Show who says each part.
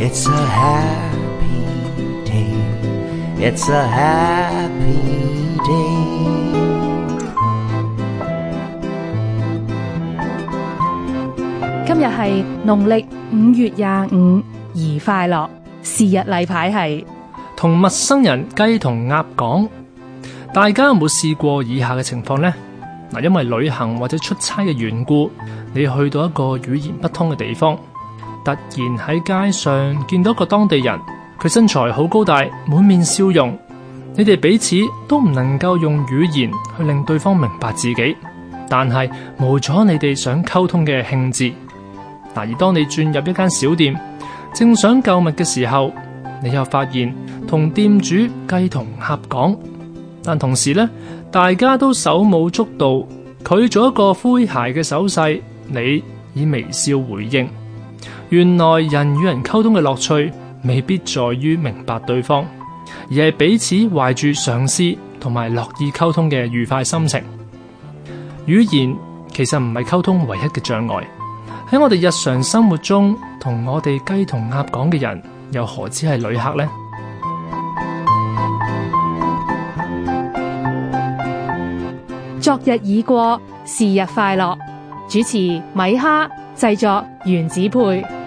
Speaker 1: It's a happy day, It's a happy day
Speaker 2: 今日係農曆五月廿五，宜快樂。是日例牌係
Speaker 3: 同陌生人雞同鴨講。大家有冇試過以下嘅情況呢？嗱，因為旅行或者出差嘅緣故，你去到一個語言不通嘅地方。突然喺街上見到個當地人，佢身材好高大，滿面笑容。你哋彼此都唔能夠用語言去令對方明白自己，但係冇咗你哋想溝通嘅興致。嗱，而當你轉入一間小店，正想購物嘅時候，你又發現同店主雞同鴨講，但同時咧，大家都手舞足蹈，佢做一個詼諧嘅手勢，你以微笑回應。原來人與人溝通嘅樂趣未必在於明白對方，而係彼此懷住嘗試同埋樂意溝通嘅愉快心情。語言其實唔係溝通唯一嘅障礙。喺我哋日常生活中，同我哋雞同鴨講嘅人，又何止係旅客呢？
Speaker 4: 昨日已過，是日快樂。主持米哈。製作原子配。